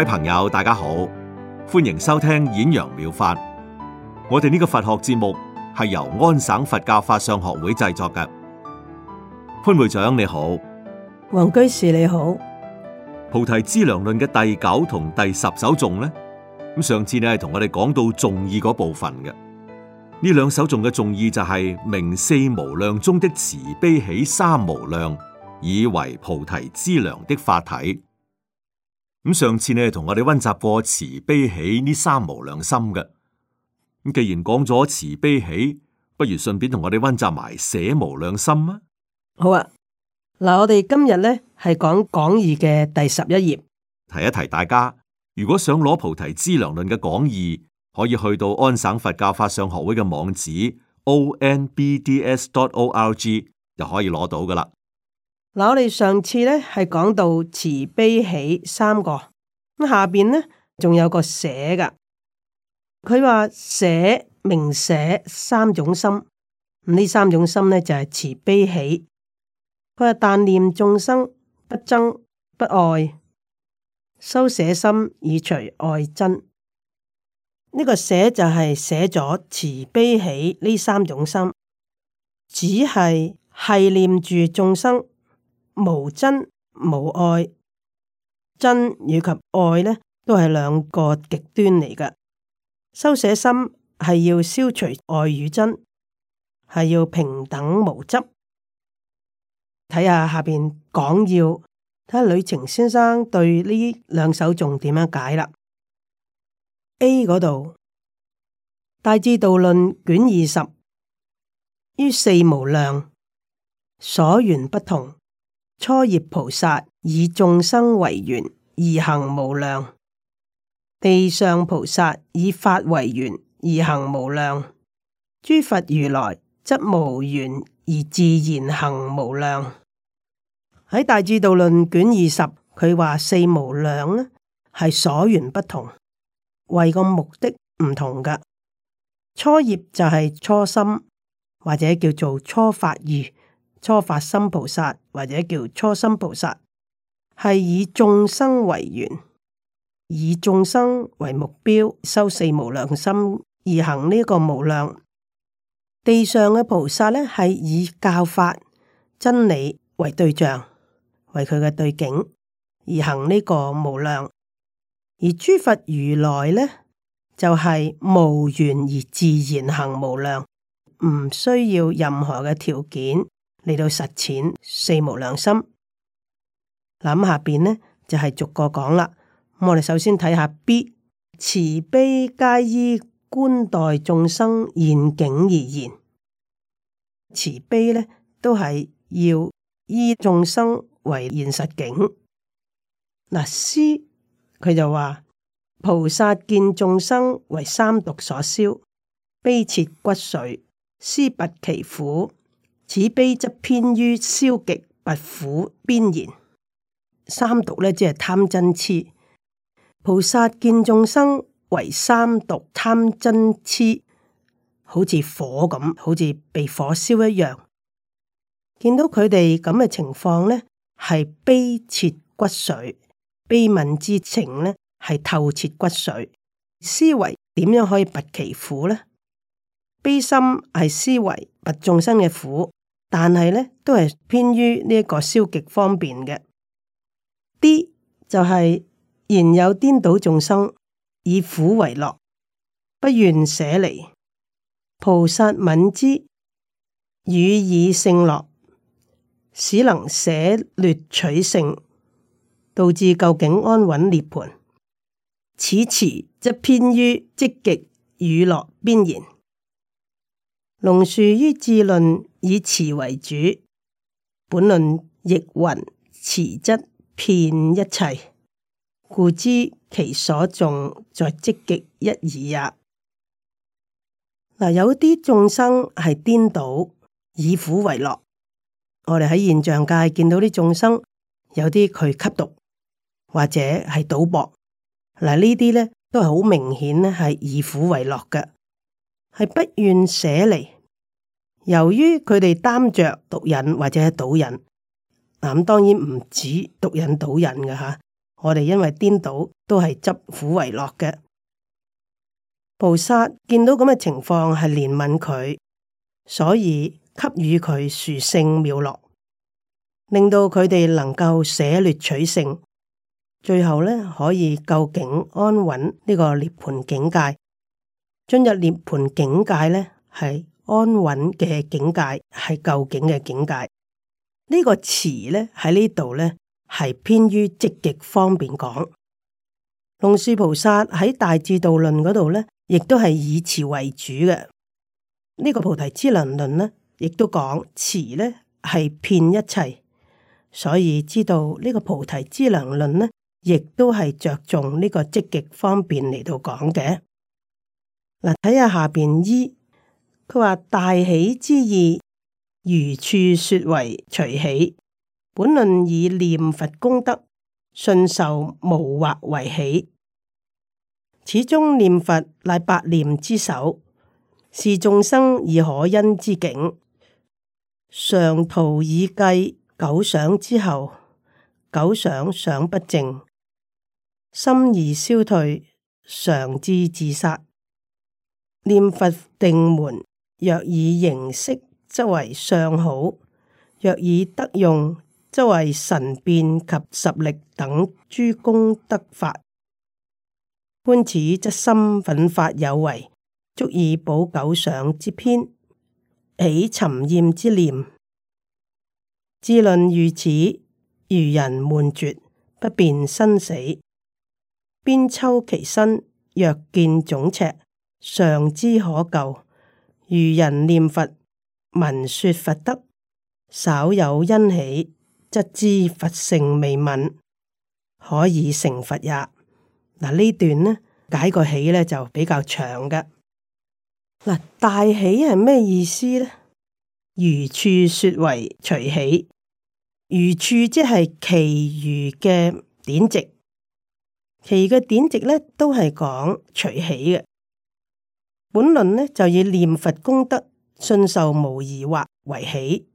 各位朋友，大家好，歡迎收聽演揚妙法。我哋呢個佛學節目係由安省佛教法相學會製作嘅。潘會長你好，黃居士你好。菩提資糧論嘅第九同第十首頌咧，咁上次你係同我哋講到頌義嗰部分嘅。呢兩首頌嘅頌義就係、是、明四無量中的慈悲喜三無量，以為菩提資糧的法體。咁上次你咧，同我哋溫習過慈悲喜呢三無量心嘅。咁既然講咗慈悲喜，不如順便同我哋溫習埋捨無量心啊。好啊，嗱，我哋今日咧係講講義嘅第十一頁，提一提大家。如果想攞菩提資糧論嘅講義，可以去到安省佛教法相學會嘅網址 o n b d s dot o r g 就可以攞到噶啦。嗱，我哋上次咧係講到慈悲喜三個，咁下邊咧仲有個捨噶。佢話捨明捨三種心，呢三種心咧就係慈悲喜。佢話但念眾生不憎不愛，修捨心以除愛憎。呢、這個捨就係捨咗慈悲喜呢三種心，只係係念住眾生。無真無愛，真以及愛呢，都係兩個極端嚟㗎。修捨心係要消除愛與真，係要平等無執。睇下下邊講要，睇下呂澂先生對呢兩首仲點樣解啦。A 嗰度《大智度論》卷二十，於四無量所緣不同。初業菩薩以眾生為緣而行無量，地上菩薩以法為緣而行無量，諸佛如來則無緣而自然行無量。喺《大智度論》卷二十，佢話四無量呢係所緣不同，為個目的唔同噶。初業就係初心，或者叫做初發意。初發心菩薩或者叫初心菩薩，係以眾生為緣，以眾生為目標，修四無量心而行呢個無量。地上嘅菩薩咧，係以教法真理為對象，為佢嘅對境而行呢個無量。而諸佛如來咧，就係無緣而自然行無量，唔需要任何嘅條件。嚟到實踐四無量心，諗下邊呢就係、是、逐個講啦。我哋首先睇下 B 慈悲皆依觀待眾生現境而言，慈悲呢都係要依眾生為現實境。嗱，師佢就話菩薩見眾生為三毒所燒，悲切骨髓，思拔其苦。此悲則偏於消極拔苦邊緣，三毒咧即係貪嗔痴。菩薩見眾生為三毒貪嗔痴，好似火咁，好似被火燒一樣。見到佢哋咁嘅情況咧，係悲切骨髓，悲憫之情咧係透徹骨髓。思維點樣可以拔其苦咧？悲心係思維拔眾生嘅苦。但係呢都係偏於呢一個消極方便嘅，啲就係、是、現有顛倒眾生以苦為樂，不願捨離。菩薩憫之，予以勝樂，使能捨劣取勝，導致究竟安穩涅槃。此詞則偏於積極與樂邊緣。龍樹於智論。以慈為主，本論亦云慈則遍一切，故知其所重在積極一義也。嗱、啊，有啲眾生係顛倒，以苦為樂。我哋喺現象界見到啲眾生，有啲佢吸毒或者係賭博，嗱、啊、呢啲咧都係好明顯咧，係以苦為樂嘅，係不願捨離。由於佢哋擔着毒癮或者係賭癮，嗱咁當然唔止毒癮賭癮嘅吓，我哋因為顛倒都係執苦為樂嘅。菩薩見到咁嘅情況係憐憫佢，所以給予佢殊勝妙樂，令到佢哋能夠捨劣取勝，最後呢，可以究竟安穩呢個涅槃境界。進入涅槃境界呢，係。安穩嘅境界係究竟嘅境界，呢、這個慈呢，喺呢度呢，係偏於積極方面講。龍樹菩薩喺《大智度論》嗰度呢，亦都係以慈為主嘅。呢、這個《菩提資糧論》呢，亦都講慈呢係遍一切，所以知道呢個《菩提資糧論》呢，亦都係着重呢個積極方面嚟到講嘅。嗱，睇下下邊依。佢話：大喜之意，如處説為隨喜；本論以念佛功德信受無惑為喜。始終念佛乃百念之首，是眾生以可因之境。上圖以計九想之後，九想想不淨，心而消退，常至自殺。念佛定門。若以形色則為相好，若以德用則為神變及十力等諸功德法。觀此則心奮發有為，足以補九想之偏，起沉厭之念。智論如此，愚人悶絕，不辨生死。鞭抽其身，若見腫赤，尚知可救。如人念佛，聞說佛德，稍有欣喜，則知佛性未泯，可以成佛也。嗱呢段呢解個喜呢，就比較長㗎。嗱大喜係咩意思呢？如處說為隨喜，如處即係其餘嘅典籍，其餘嘅典籍呢都係講隨喜嘅。本論呢就以念佛功德信受無疑惑為起，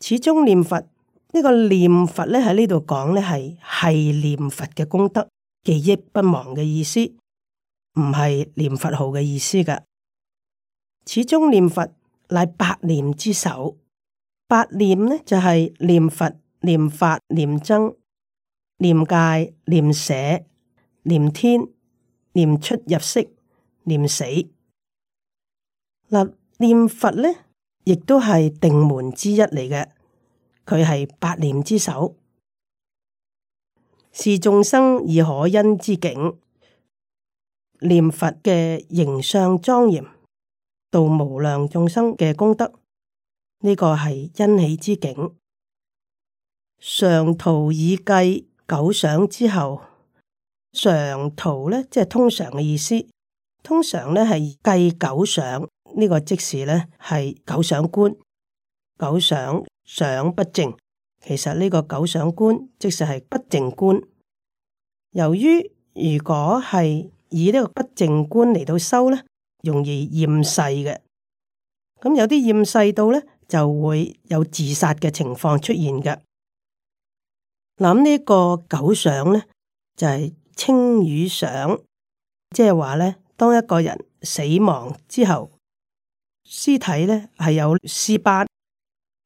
始終念佛呢，這個念佛呢喺呢度講呢係係念佛嘅功德記憶不忘嘅意思，唔係念佛號嘅意思噶。始終念佛乃百念之首，百念呢就係念佛、念法、念僧、念戒、念捨、念天、念出入息、念死。念佛呢，亦都係定門之一嚟嘅。佢係八念之首，示眾生以可因之境。念佛嘅形相莊嚴，度無量眾生嘅功德，呢、這個係因起之境。上圖以繼九想之後，上圖呢，即係通常嘅意思，通常呢係繼九想。呢個即時咧係九想觀，九想想不淨。其實呢個九想觀，即時係不淨觀，由於如果係以呢個不淨觀嚟到修呢，容易厭世嘅。咁有啲厭世到呢，就會有自殺嘅情況出現嘅。嗱咁呢個九想呢，就係、是、青瘀想，即係話呢，當一個人死亡之後。屍體咧，係有屍斑，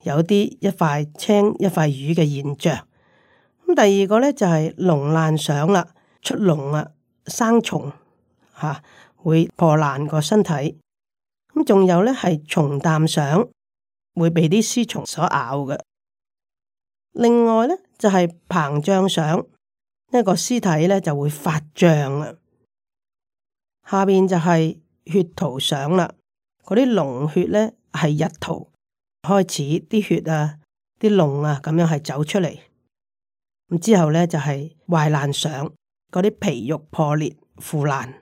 有啲一塊青一塊瘀嘅現象。咁第二個咧就係膿爛相啦，出膿啊生蟲吓，會破爛個身體。咁仲有咧係蟲噉相，會被啲屍蟲所咬嘅。另外咧就係、是、膨脹相，呢個屍體咧就會發脹啊。下邊就係血塗相啦。嗰啲膿血咧係日頭開始啲血啊、啲膿啊咁樣係走出嚟，咁之後咧就係壞爛相，嗰啲皮肉破裂腐爛，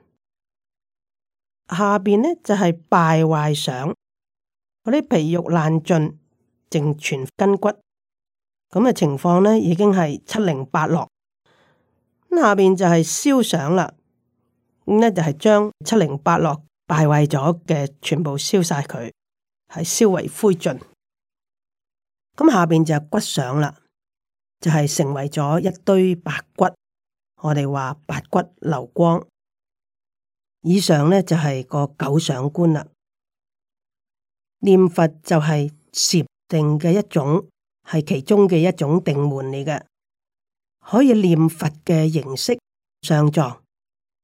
下邊咧就係、是、敗壞相，嗰啲皮肉爛盡，剩全筋骨，咁嘅情況咧已經係七零八落，下邊就係燒相啦，咁咧就係將七零八落。敗壞咗嘅全部燒晒佢，係燒為灰燼。咁下邊就骨相啦，就係成為咗一堆白骨。我哋話白骨流光。以上呢就係個九相觀啦。念佛就係攝定嘅一種，係其中嘅一種定門嚟嘅可以念佛嘅形式上狀，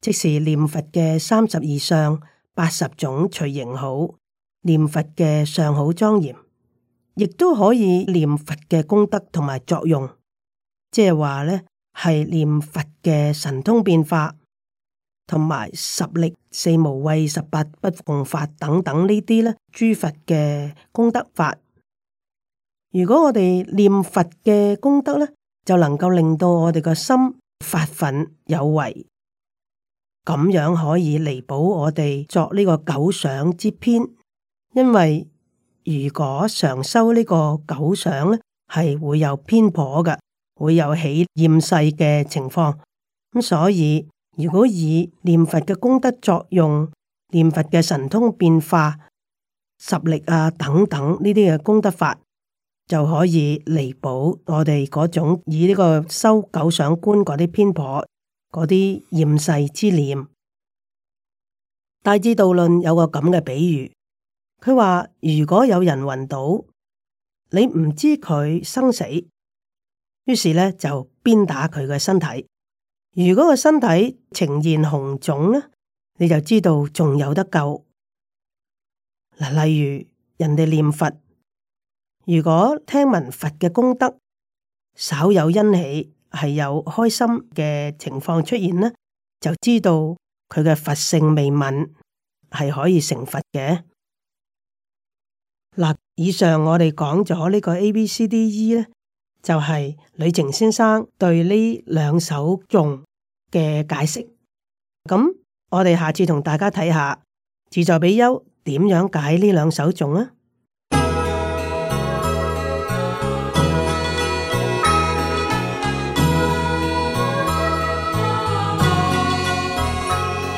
即是念佛嘅三十二相。八十種隨形好，念佛嘅上好莊嚴，亦都可以念佛嘅功德同埋作用，即係話咧係念佛嘅神通變化，同埋十力四無畏十八不共法等等呢啲咧，諸佛嘅功德法。如果我哋念佛嘅功德咧，就能夠令到我哋個心發奮有為。咁樣可以彌補我哋作呢個九想之偏，因為如果常修呢個九想咧，係會有偏頗嘅，會有起厭世嘅情況。咁所以如果以念佛嘅功德作用、念佛嘅神通變化、十力啊等等呢啲嘅功德法，就可以彌補我哋嗰種以呢個修九想觀嗰啲偏頗。嗰啲厭世之念，《大智度論》有個咁嘅比喻，佢話如果有人暈倒，你唔知佢生死，於是呢就鞭打佢嘅身體。如果個身體呈現紅腫呢，你就知道仲有得救。嗱，例如人哋念佛，如果聽聞佛嘅功德，稍有欣喜。係有開心嘅情況出現，呢就知道佢嘅佛性未泯，係可以成佛嘅。嗱，以上我哋講咗呢個 A、B、C、D、E，呢就係呂澂先生對呢兩首頌嘅解釋。咁我哋下次同大家睇下自在比丘點樣解兩呢兩首頌啊。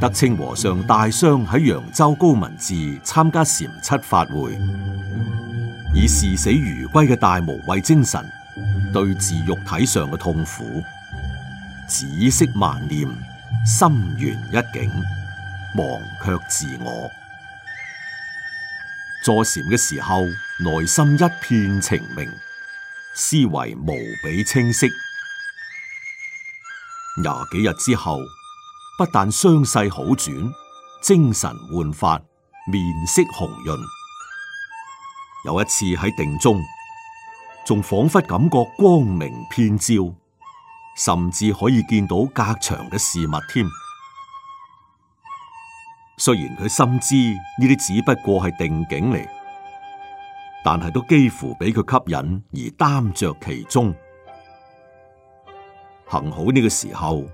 德清和尚大傷，喺揚州高旻寺參加禪七法會，以視死如歸嘅大無畏精神對治肉體上嘅痛苦，止息萬念，心圓一境，忘卻自我。坐禪嘅時候，內心一片澄明，思維無比清晰。廿幾日之後。不但傷勢好轉，精神煥發，面色紅潤。有一次喺定中，仲仿佛感覺光明遍照，甚至可以見到隔牆嘅事物添。雖然佢深知呢啲只不過係定境嚟，但係都幾乎俾佢吸引而耽着其中。幸好呢個時候。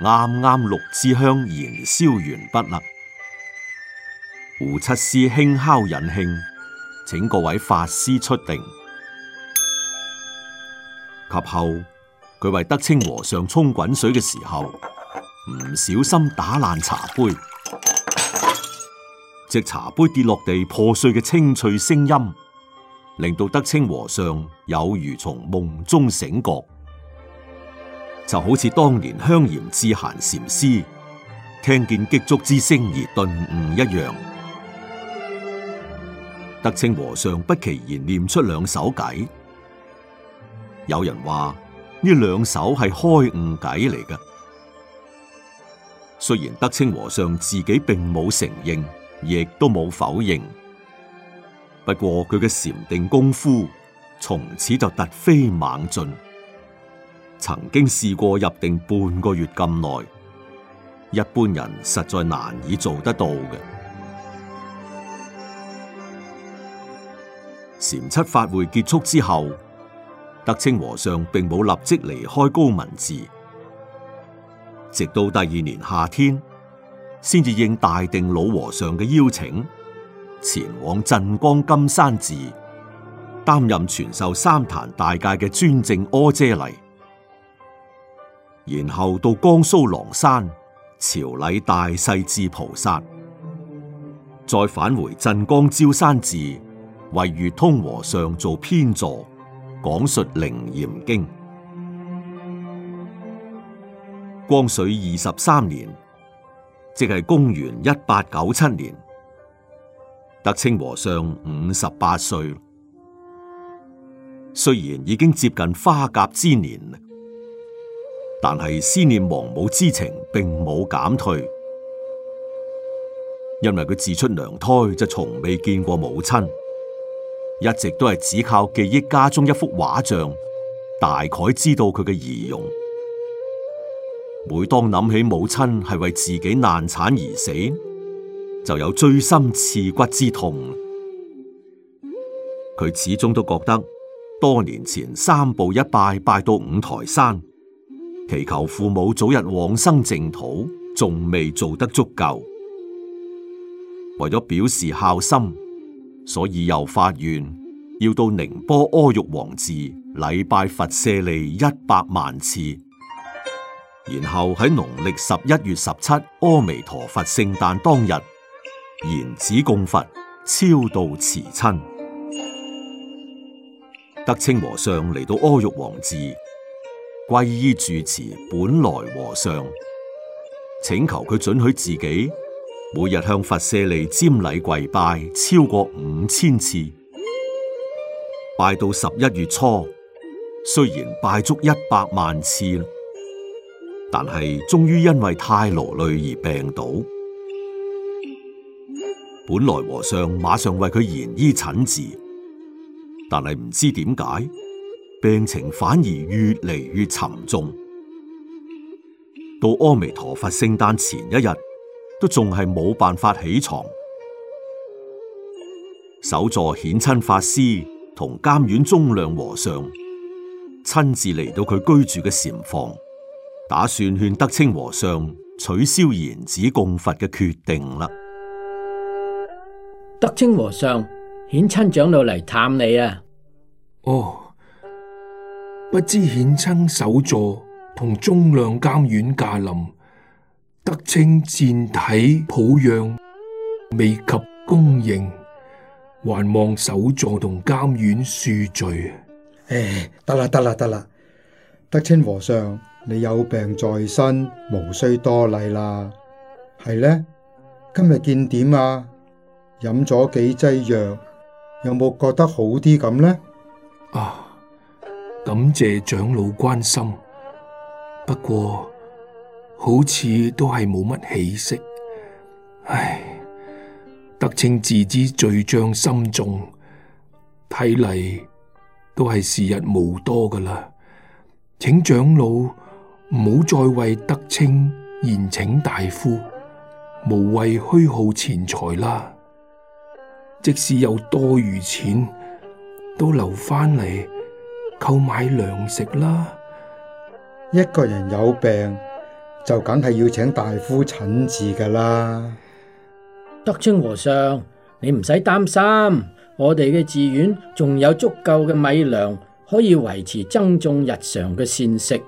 啱啱六支香燃燒完畢啦，護七師輕敲引磬，請各位法師出定。及後，佢為德清和尚沖滾水嘅時候，唔小心打爛茶杯，隻茶杯跌落地破碎嘅清脆聲音，令到德清和尚有如從夢中醒覺。就好似當年香嚴智閑禪師聽見擊竹之聲而頓悟一樣，德清和尚不其然念出兩首偈。有人話呢兩首係開悟偈嚟嘅，雖然德清和尚自己並冇承認，亦都冇否認。不過佢嘅禪定功夫從此就突飛猛進。曾經試過入定半個月咁耐，一般人實在難以做得到嘅。禪七法會結束之後，德清和尚並冇立即離開高文寺，直到第二年夏天，先至應大定老和尚嘅邀請，前往鎮江金山寺擔任傳授三壇大戒嘅尊證阿闍黎。然後到江蘇狼山朝禮大勢至菩薩，再返回鎮江焦山寺，為如通和尚做偏座，講述《楞嚴經》。光緒二十三年，即係公元一八九七年，德清和尚五十八歲，雖然已經接近花甲之年。但係思念亡母之情並冇減退，因為佢自出娘胎就從未見過母親，一直都係只靠記憶家中一幅畫像，大概知道佢嘅儀容。每當諗起母親係為自己難產而死，就有錐心刺骨之痛。佢始終都覺得多年前三步一拜，拜到五台山。祈求父母早日往生淨土，仲未做得足夠，為咗表示孝心，所以又發願要到寧波阿育王寺禮拜佛舍利一百萬次，然後喺農曆十一月十七阿彌陀佛聖誕當日，燃指供佛超度慈親。德清和尚嚟到阿育王寺，皈依住持本來和尚，請求佢准許自己每日向佛舍利瞻禮跪拜超過五千次，拜到十一月初，雖然拜足一百萬次，但係終於因為太勞累而病倒。本來和尚馬上為佢延醫診治，但係唔知點解。病情反而越嚟越沉重，到阿彌陀佛聖誕前一日，都仲係冇辦法起床。首座顯親法師同監院中亮和尚親自嚟到佢居住嘅禪房，打算勸德清和尚取消燃指供佛嘅決定啦。德清和尚，顯親長老嚟探你啊！哦。不知顯親首座同中量監院駕臨，德清賤體抱恙未及恭迎，還望首座同監院恕罪。唉、哎，得啦得啦得啦，德清和尚，你有病在身，無需多禮啦。係呢，今日見點啊？飲咗幾劑藥，有冇覺得好啲咁呢？啊！感謝長老關心，不過好似都係冇乜起色。唉，德清自知罪障深重，睇嚟都係時日無多噶啦。請長老唔好再為德清延請大夫，無謂虛耗錢財啦。即使有多餘錢，都留翻嚟購買糧食啦！一個人有病就梗係要請大夫診治噶啦。德清和尚，你唔使擔心，我哋嘅寺院仲有足夠嘅米糧，可以維持僧眾日常嘅膳食。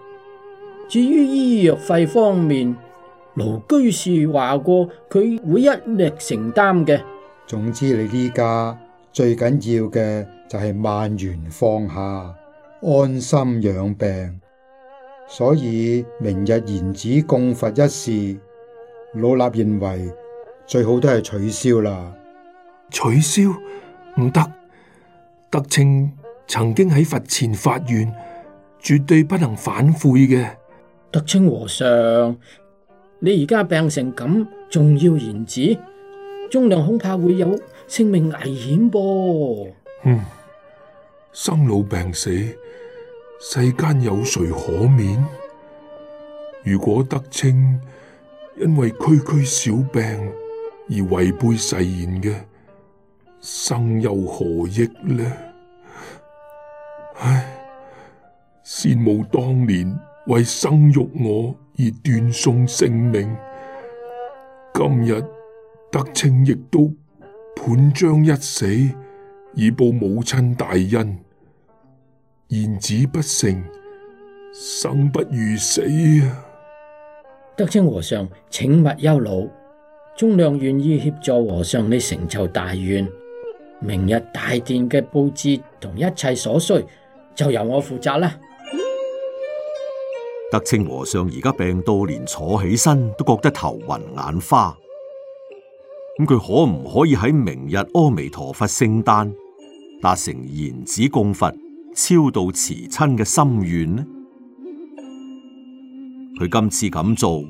至於醫藥費方面，盧居士話過佢會一力承擔嘅。總之你，你呢家最緊要嘅就係萬緣放下。安心養病，所以明日燃指供佛一事，老衲認為最好都係取消啦。取消唔得，德清曾經喺佛前發願，絕對不能反悔嘅。德清和尚，你而家病成咁，仲要燃指，中良恐怕會有性命危險噃、啊。嗯，生老病死。世間有誰可免？如果德清因為區區小病而違背誓言，嘅，生又何益呢？唉，先母當年為生育我而斷送性命，今日德清亦都判將一死以報母親大恩。燃指不成，生不如死啊！德清和尚，請勿憂惱，宗亮願意協助和尚你成就大願。明日大殿嘅佈置同一切所需，就由我負責啦。德清和尚而家病到連坐起身都覺得頭暈眼花，咁佢可唔可以喺明日阿彌陀佛聖誕達成燃指供佛？超度慈親嘅心願呢？佢今次咁做，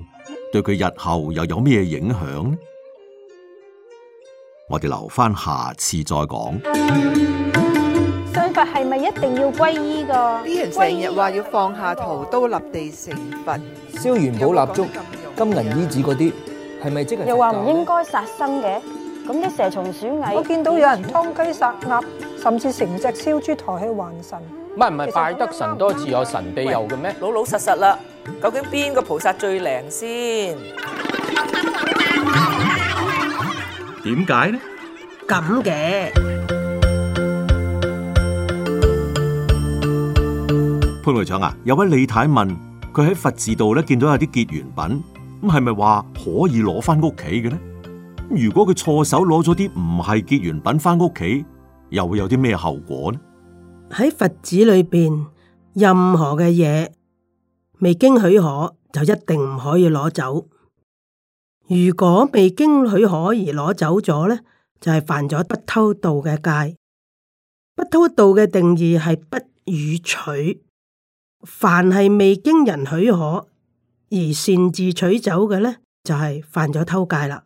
對佢日後又有咩影響呢？我哋留返下，下次再講。信佛係咪一定要皈依噶？啲人成日話要放下屠刀，立地成佛，燒元寶蠟燭、金銀衣紙嗰啲，係咪、嗯、即係又話唔應該殺生嘅？咁啲、嗯、蛇蟲鼠蟻，我見到有人殺雞殺鴨。蟲蟲蟲蟲甚至成隻燒豬抬去還神，唔係唔係拜得神多自有神庇佑嘅咩？老老實實啦，究竟邊個菩薩最靈先？點解呢？咁嘅潘會長啊，有位李太問佢喺佛寺度咧見到有啲結緣品，咁係咪話可以攞翻屋企嘅呢？如果佢錯手攞咗啲唔係結緣品翻屋企？又會有啲咩後果呢？喺佛寺裏邊，任何嘅嘢未經許可就一定唔可以攞走。如果未經許可而攞走咗呢，就係犯咗不偷盜嘅戒。不偷盜嘅定義係不予取，凡係未經人許可而擅自取走嘅呢，就係犯咗偷戒啦。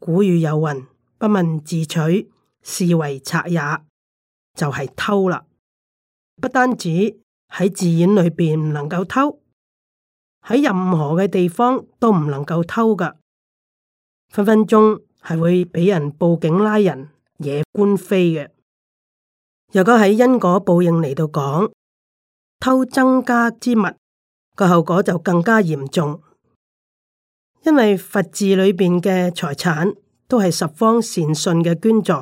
古語有云：不問自取。視為賊也，就係、是、偷啦。不單止喺寺院裏邊唔能夠偷，喺任何嘅地方都唔能夠偷噶。分分鐘係會俾人報警拉人惹官非嘅。若果喺因果報應嚟到講，偷增加之物個後果就更加嚴重，因為佛寺裏邊嘅財產都係十方善信嘅捐助。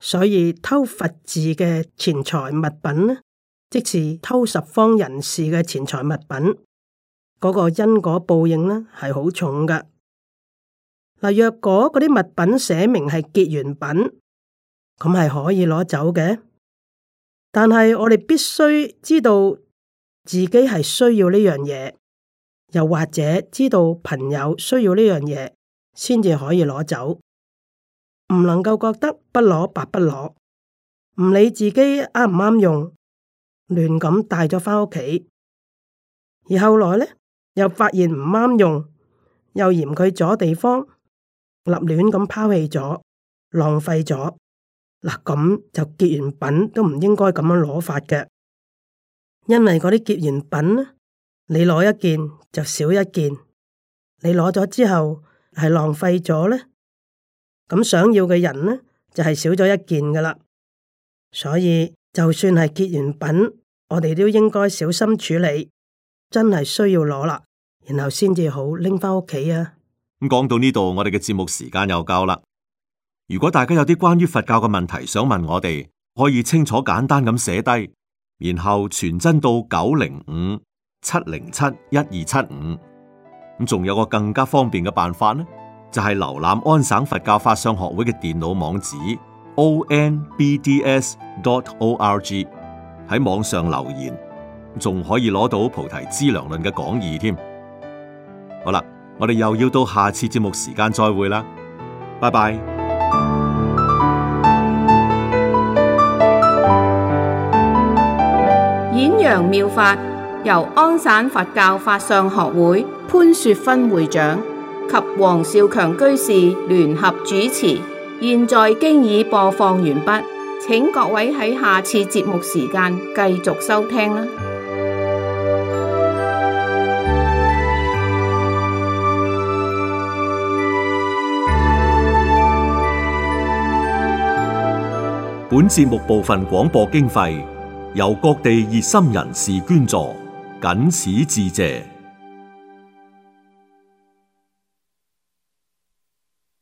所以偷佛寺嘅錢財物品呢，即是偷十方人士嘅錢財物品，嗰個因果報應呢係好重噶。嗱，若果嗰啲物品寫明係結緣品，咁係可以攞走嘅。但係我哋必須知道自己係需要呢樣嘢，又或者知道朋友需要呢樣嘢，先至可以攞走。唔能夠覺得不攞白不攞，唔理自己啱唔啱用，亂咁帶咗翻屋企，而後來呢，又發現唔啱用，又嫌佢阻地方立亂咁拋棄咗，浪費咗，嗱，咁、啊、就結緣品都唔應該咁樣攞法嘅，因為嗰啲結緣品，你攞一件就少一件，你攞咗之後係浪費咗呢。咁想要嘅人呢，就係少咗一件噶啦，所以就算係結緣品，我哋都應該小心處理。真係需要攞啦，然後先至好拎翻屋企啊！咁講到呢度，我哋嘅節目時間又夠啦。如果大家有啲關於佛教嘅問題想問我哋，可以清楚簡單咁寫低，然後傳真到九零五七零七一二七五。咁仲有個更加方便嘅辦法呢？就係瀏覽安省佛教法相學會嘅電腦網址 o n b d s dot o r g 喺網上留言，仲可以攞到菩提資糧論嘅講義添。好啦，我哋又要到下次節目時間再會啦，拜拜。演揚妙法，由安省佛教法相學會潘雪芬會長及王少強居士聯合主持，現在經已播放完畢，請各位喺下次節目時間繼續收聽啦。本節目部分廣播經費由各地熱心人士捐助，謹此致謝。